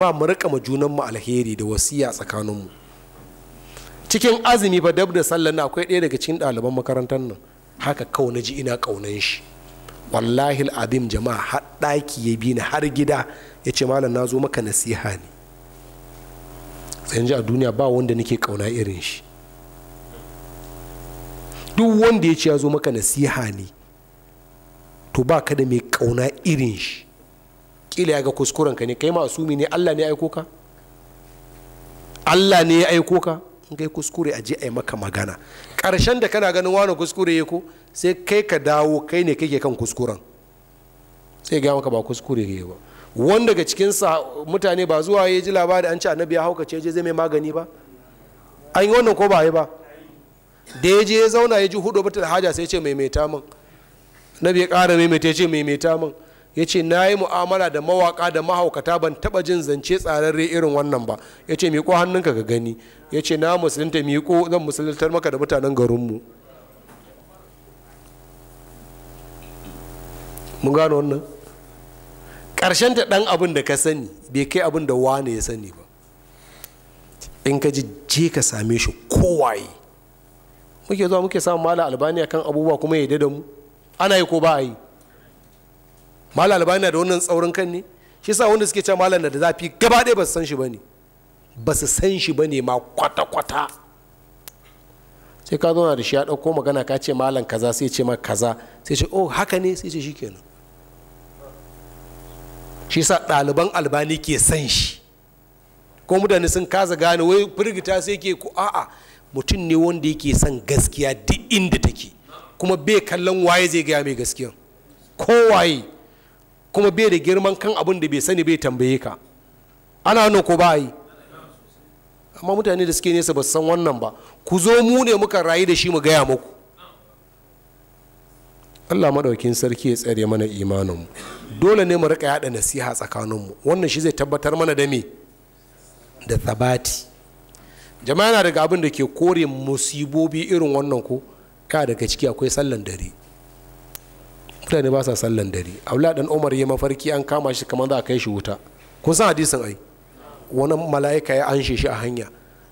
ba mu rika ma junanmu alheri da wasiya tsakaninmu cikin azumi ba dab da sallar na akwai ɗaya daga cikin ɗaliban makarantar nan haka kawai na ji ina ƙaunan shi wallahi al'adim jama'a har ɗaki ya bi ni har gida ya ce malam na zo maka nasiha ne sai ji a duniya ba wanda nake ƙauna irin shi duk wanda ya ce ya zo maka nasiha ne to ba ka da mai ƙauna irin shi kila ya ga kuskuren ka ne kai masumi ne Allah ne ya aiko ka Allah ne ya aiko ka in kai kuskure a je a yi maka magana ƙarshen da kana ganin wani kuskure ya ko sai kai ka dawo kai ne kake kan kuskuren sai ga maka ba kuskure ya ba wanda daga cikin sa mutane ba zuwa ya ji labari an ci annabi ya haukace je zai mai magani ba an yi wannan ko ba yi ba da ya je ya zauna ya ji hudu bata da haja sai ce maimaita min nabi ya ƙara maimaita ya ce maimaita min ya ce na yi mu'amala da mawaka da mahaukata ban taba jin zance tsararre irin wannan ba ya ce miƙo hannunka ka gani ya ce na musulunta miƙo zan musuluntar maka da mutanen garinmu mun gano wannan ƙarshen ta ɗan abin da ka sani bai kai abin da wane ya sani ba in ka ji je ka same shi kowaye muke zuwa muke samun mala albaniya kan abubuwa kuma ya da mu ana yi ko ba a yi malam albani na da wannan tsaurin kan ne shi sa wanda suke cewa malam da zafi gaba ɗaya ba su san shi ba ne ba su san shi ba ne ma kwata-kwata sai ka zo na da shi ya ɗauko magana ka ce malam kaza sai ce ma kaza sai ce oh haka ne sai ce shi kenan shi sa ɗaliban albani ke san shi ko mutane sun kasa gane wai firgita sai ke ku a'a mutum ne wanda yake son gaskiya duk inda take kuma bai kallon waye zai gaya mai gaskiya ko waye kuma bai da girman kan abin da bai sani bai tambaye ka ana nan ko ba yi amma mutane da suke nesa ba san wannan ba ku zo mu ne muka rayu da shi mu gaya muku allah maɗaukin sarki ya tsare mana imaninmu dole ne mu rika yaɗa nasiha tsakaninmu wannan shi zai tabbatar mana da me da thabati jama'a na daga abin da ke kore musibobi irin wannan ko ka daga ciki akwai sallan dare mutane ba sa sallan dare Abdullahi dan umar ya mafarki an kama shi kamar za a kai shi wuta kun san hadisin ai wani mala'ika ya anshe shi a hanya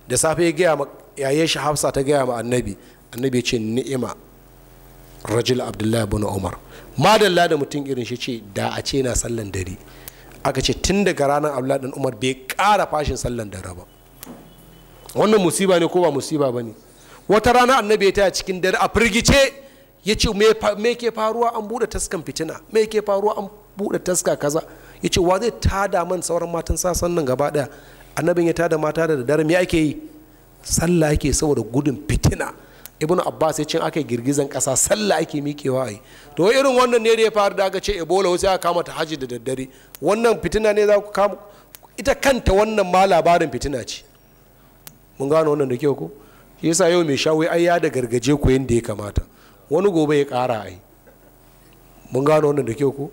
da safe ya gaya yaye shi hafsa ta gaya ma annabi annabi ya ce ni'ima rajul abdullahi ibn umar madalla da mutum irin shi ce da a ce na sallan dare aka ce tun daga ranar abdullahi dan umar bai kara fashin sallan dare ba wannan musiba ne ko ba musiba ba ne wata rana annabi ya taya cikin dare a firgice ya ce me ke faruwa an buɗe taskan fitina me ke faruwa an buɗe taska kaza ya ce wa zai tada man sauran matan sasan nan gaba ɗaya annabin ya tada mata da dare me ake yi sallah ake saboda gudun fitina ibnu abbas ya ce aka girgizan ƙasa sallah ake miƙewa a yi to irin wannan ne da ya faru da aka ce ebola wasu aka kama ta hajji da daddare wannan fitina ne za ku kama ita kanta wannan ma labarin fitina ce mun gano wannan da kyau ko shi yasa yau mai shawai ai ya da gargaje ku yadda ya kamata wani gobe ya kara a yi mun gano wannan da kyau ku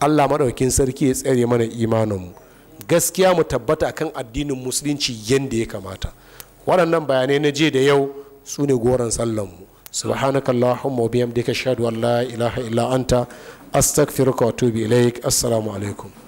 allah maɗaukin sarki ya tsere mana imaninmu gaskiya mu tabbata akan addinin musulunci yadda ya kamata waɗannan bayanai na je da yau su ne goron sallanmu سبحانك اللهم وبحمدك اشهد ان لا اله الا انت استغفرك واتوب اليك السلام عليكم